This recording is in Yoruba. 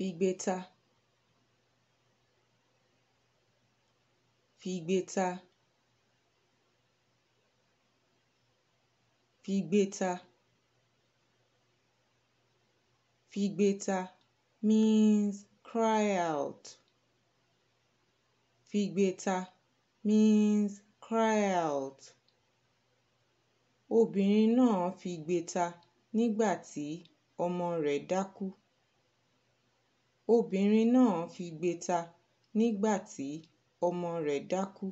fígbétá fígbétá fígbétá fígbétá means cry out fígbétá means cry out obìnrin náà figbe ta nígbà tí ọmọ rẹ̀ dákú obìnrin náà figbe ta nígbà tí ọmọ rẹ̀ dákú